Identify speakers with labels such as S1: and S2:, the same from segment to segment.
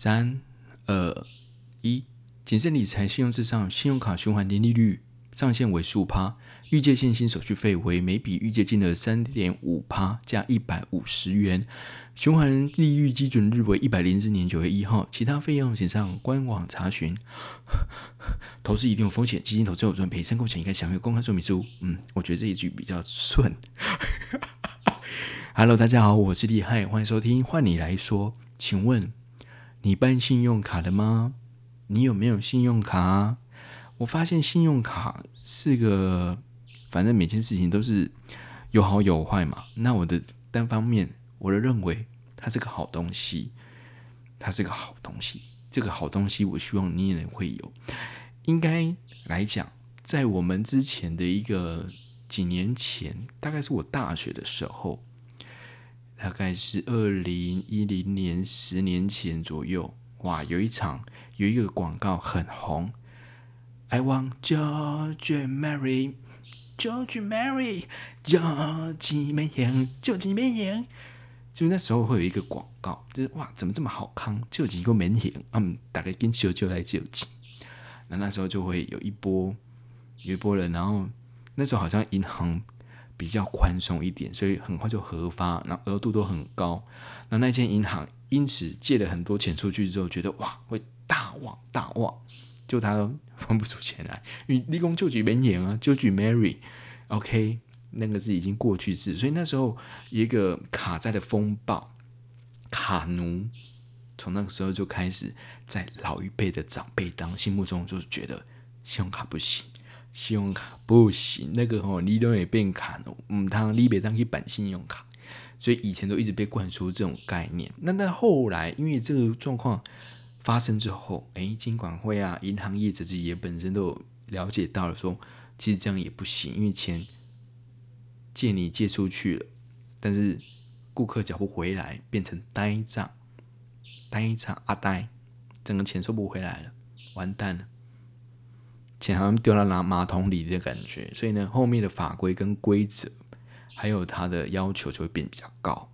S1: 三二一，謹慎理財，信用至上。信用卡循環年利率上限為十五趴，預借現金手續費為每筆預借金額三點五趴加一百五十元。循環利率基準日為一百零四年九月一號。其他費用請上官網查詢。 投資一定有風險，基金投資有賺賠，申購前應該享有公開說明書。嗯，我覺得這一句比較順。 Hello，大家好，我是李海，歡迎收聽。換你來說，請問，你辦信用卡了嗎？你有沒有信用卡？我發現信用卡是個，反正每件事情都是有好有壞嘛。那我的單方面，我的認為，它是個好東西，它是個好東西。這個好東西，我希望你也能會有。應該來講，在我們之前的一個幾年前，大概是我大學的時候。大概是二零一零年十年前左右，哇，有一場有一個廣告很紅。I want George Mary，George Mary，救濟沒錢，救濟沒錢，就那時候會有一個廣告，就是哇，怎麼這麼好康？救濟過沒錢，嗯，大概跟求求來救濟。那那時候就會有一波，有一波人，然後那時候好像銀行。比較寬鬆一點，所以很快就核發，然後額度都很高。然後那那間銀行因此借了很多錢出去之後，覺得哇，會大旺大旺，就他都分不出錢來，因為立功救舉門嚴啊，救舉 Mary OK，那個是已經過去式，所以那時候一個卡債的風暴，卡奴從那個時候就開始在老一輩的長輩當心目中就是覺得信用卡不行。信用卡不行，那個吼、哦、你都也變卡了。嗯，他你倍當去辦信用卡，所以以前都一直被灌輸這種概念。那那後來，因為這個狀況發生之後，誒、欸，金管會啊，銀行業者自己也本身都了解到了說，說其實這樣也不行，因為錢借你借出去了，但是顧客找不回來，變成呆賬呆賬阿、啊、呆，整個錢收不回來了，完蛋了。錢好像丟到馬桶裡的感覺，所以呢，後面的法規跟規則，還有它的要求就會變比較高。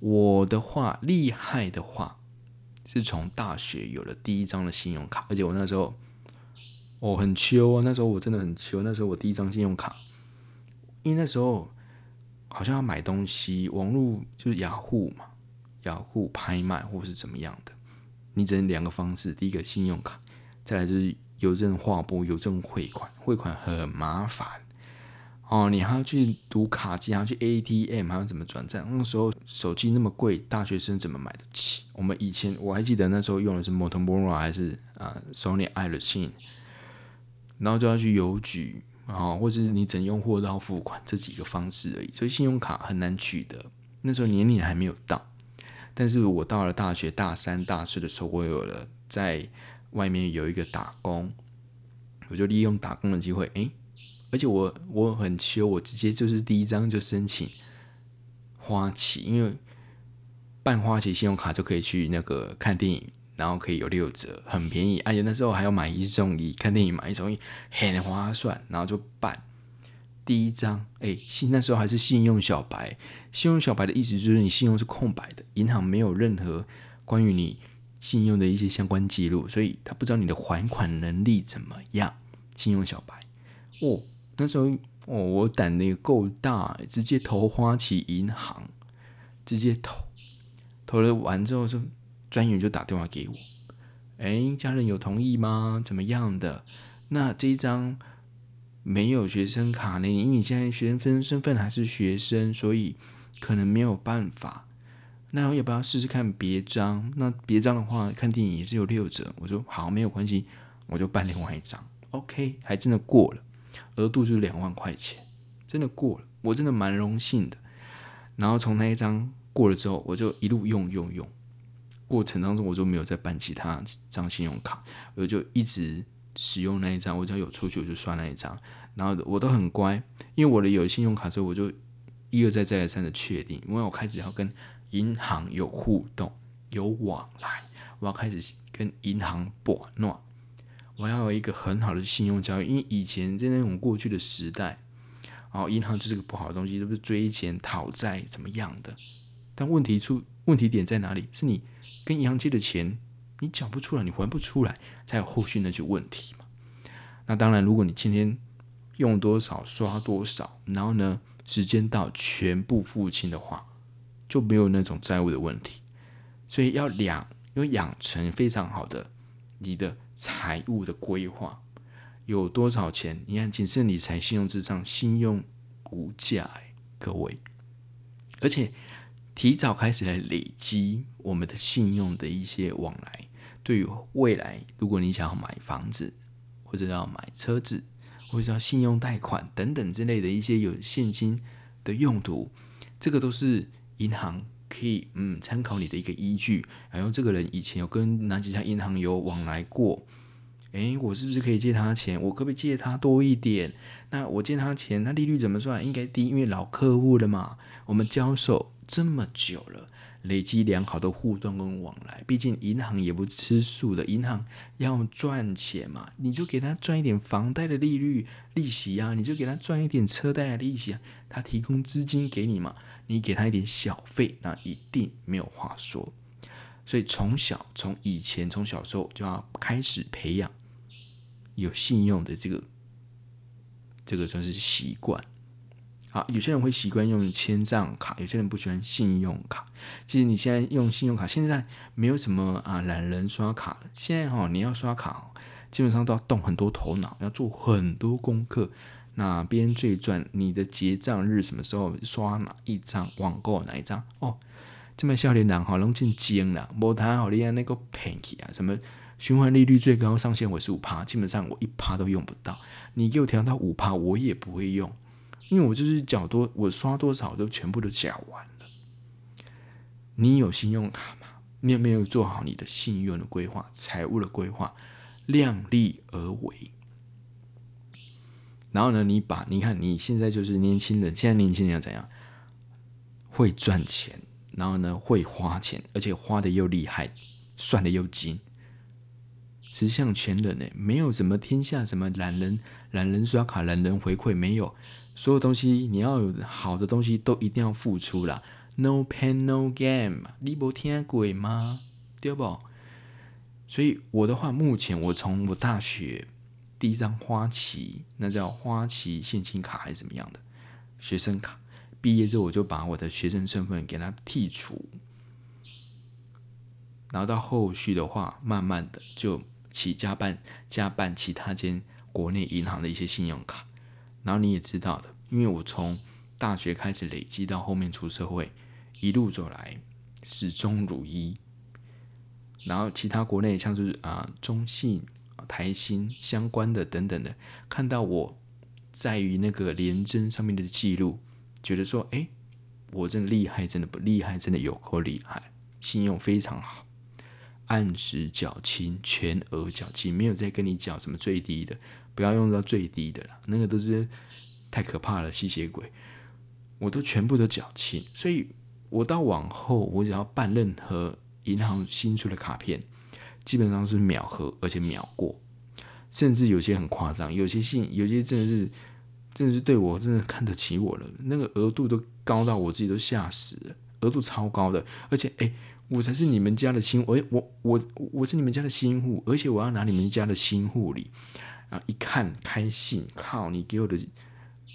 S1: 我的話，厲害的話，是從大學有了第一張的信用卡，而且我那時候，我、哦、很糗啊，那時候我真的很糗，那時候我第一張信用卡，因為那時候好像要買東西，網絡就是雅虎嘛，雅虎拍賣或是怎麼樣的，你只能兩個方式，第一個信用卡，再來就是。郵政劃撥、郵政匯款，匯款很麻煩哦，你還要去讀卡機，還要去 ATM，還要怎麼轉賬？那時候手機那麼貴，大學生怎麼買得起？我們以前我還記得那時候用的是 Motorola 還是啊、呃、Sony Ericsson 然後就要去郵局啊、哦，或是你整用貨到付款這幾個方式而已。所以信用卡很難取得，那時候年齡還沒有到。但是我到了大學大三、大四的時候，我有了在。外面有一個打工，我就利用打工的機會，哎、欸，而且我我很修，我直接就是第一張就申請花旗，因為辦花旗信用卡就可以去那個看電影，然後可以有六折，很便宜。哎，那時候還要買一送一，看電影買一送一，很划算，然後就辦第一張。哎、欸，信那時候還是信用小白，信用小白的意思就是你信用是空白的，銀行沒有任何關於你。信用的一些相關記錄，所以他不知道你的還款能力怎麼樣。信用小白，哦，那時候哦，我膽子也夠大，直接投花旗銀行，直接投，投了完之後說，專員就打電話給我，哎、欸，家人有同意嗎？怎麼樣的？那這一張沒有學生卡呢？因為你現在學生身份還是學生，所以可能沒有辦法。那我要不要試試看別張？那別張的話，看電影也是有六折。我說好，沒有關係，我就辦另外一張。OK，還真的過了，額度就是兩萬塊錢，真的過了，我真的蠻榮幸的。然後從那一張過了之後，我就一路用用用，過程當中我就沒有再辦其他張信用卡，我就一直使用那一張。我只要有出去，我就刷那一張。然後我都很乖，因為我的有信用卡之後，我就一而再、再而三的確定，因為我開始要跟。銀行有互動，有往來，我要開始跟銀行撥絡，我要有一個很好的信用交易。因為以前在那種過去的時代，哦，銀行就是個不好的東西，都是追錢、討債怎麼樣的。但問題出問題點在哪裡？是你跟銀行借的錢，你繳不出來，你還不出來，才有後續那些問題嘛。那當然，如果你今天用多少刷多少，然後呢，時間到全部付清的話。就沒有那種債務的問題，所以要養要養成非常好的你的財務的規劃，有多少錢？你看，謹慎理財，信用至上，信用無價，哎，各位，而且提早開始來累積我們的信用的一些往來，對於未來，如果你想要買房子，或者要買車子，或者要信用貸款等等之類的一些有現金的用途，這個都是。銀行可以嗯參考你的一個依據。還、哎、有這個人以前有跟哪幾家銀行有往來過？誒，我是不是可以借他錢？我可不可以借他多一點？那我借他錢，他利率怎麼算？應該低，因為老客戶了嘛，我們交手這麼久了，累積良好的互動跟往來。畢竟銀行也不吃素的，銀行要賺錢嘛，你就給他賺一點房貸的利率利息呀，啊，你就給他賺一點車貸的利息，啊，他提供資金給你嘛。你給他一點小費，那一定沒有話說。所以從小，從以前，從小時候就要開始培養有信用的這個這個算是習慣。啊。有些人會習慣用簽帳卡，有些人不喜歡信用卡。其實你現在用信用卡，現在沒有什麼啊懶人刷卡。現在哈、哦，你要刷卡、哦，基本上都要動很多頭腦，要做很多功課。哪邊最賺，你的結賬日什麼時候？刷哪一張？網購哪一張？哦，人這麼笑臉男好攏真尖了。無他，好厲害那個 pinky 啊，什麼循環利率最高上限為十五趴，基本上我一趴都用不到。你給我調到五趴，我也不會用，因為我就是繳多，我刷多少都全部都繳完了。你有信用卡嗎？你有沒有做好你的信用的規劃、財務的規劃？量力而為。然後呢，你把你，看你現在就是年輕人，現在年輕人要怎樣？會賺錢，然後呢會花錢，而且花得又厲害，算得又精。實像前人呢，沒有什麼天下什麼懶人，懶人刷卡，懶人回饋沒有。所有東西你要有好的東西，都一定要付出啦。No pain no gain，你沒聽過嗎？對不？所以我的話，目前我從我大學。第一張花旗，那叫花旗現金卡還是怎麼樣的學生卡，畢業之後我就把我的學生身份給他剔除，然後到後續的話，慢慢的就去加辦加辦其他間國內銀行的一些信用卡。然後你也知道的，因為我從大學開始累積到後面出社會，一路走來始終如一。然後其他國內像、就是啊、呃、中信、台新相關的等等的，看到我在於那個聯徵上面的記錄，覺得說，誒、欸，我真的厲害，真的不厲害，真的有夠厲害，信用非常好，按時繳清，全額繳清，沒有再跟你繳什麼最低的，不要用到最低的了，那個都是太可怕了，吸血鬼，我都全部都繳清，所以我到往後，我只要辦任何銀行新出的卡片。基本上是秒核，而且秒過，甚至有些很誇張。有些信，有些真的是，真的是對我真的看得起我了。那個額度都高到我自己都嚇死了，額度超高的。而且，哎、欸，我才是你們家的新，而、欸、我我我，我是你們家的新戶，而且我要拿你們家的新戶禮，然後一看開信，靠，你給我的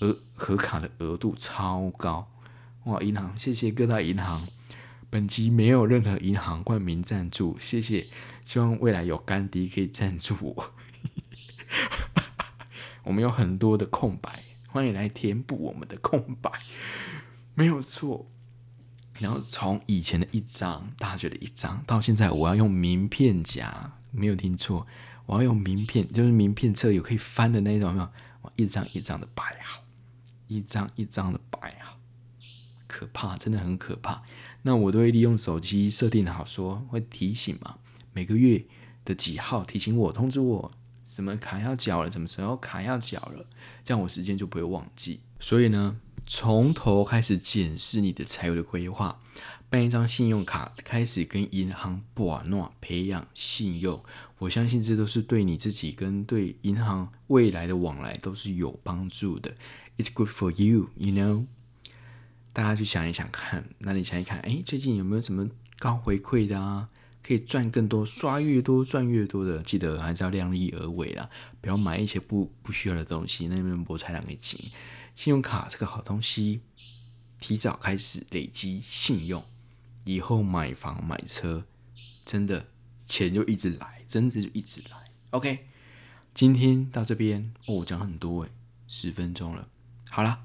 S1: 額核卡的額度超高哇！銀行，謝謝各大銀行。本集沒有任何銀行冠名贊助，謝謝。希望未來有乾爹可以贊助我。 我們有很多的空白，歡迎來填補我們的空白。沒有錯。然後從以前的一張，大家覺得一張，到現在我要用名片夾，沒有聽錯，我要用名片，就是名片冊有可以翻的那種，沒我一張一張的擺好，一張一張的擺好，可怕，真的很可怕。那我都會利用手機設定好說，說會提醒嘛。每個月的幾號提醒我，通知我什麼卡要繳了，什麼時候卡要繳了，這樣我時間就不會忘記。所以呢，從頭開始檢視你的財務的規劃，辦一張信用卡，開始跟銀行綁絡，培養信用。我相信這都是對你自己跟對銀行未來的往來都是有幫助的。It's good for you, you know？大家去想一想看，那你想一看，哎，最近有沒有什麼高回饋的啊？可以賺更多，刷越多賺越多的，記得還是要量力而為啦，不要買一些不不需要的東西，那邊博彩黨也緊。信用卡是、這個好東西，提早開始累積信用，以後買房買車，真的錢就一直來，真的就一直來。OK，今天到這邊、哦、我講很多哎、欸，十分鐘了，好啦，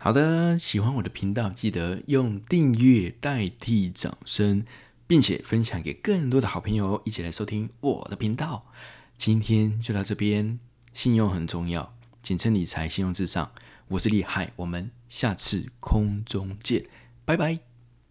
S1: 好的，喜歡我的頻道，記得用訂閱代替掌聲。並且分享給更多的好朋友一起來收聽我的頻道。今天就到這邊，信用很重要，謹慎理財，信用至上。我是李海，我們下次空中見，拜拜。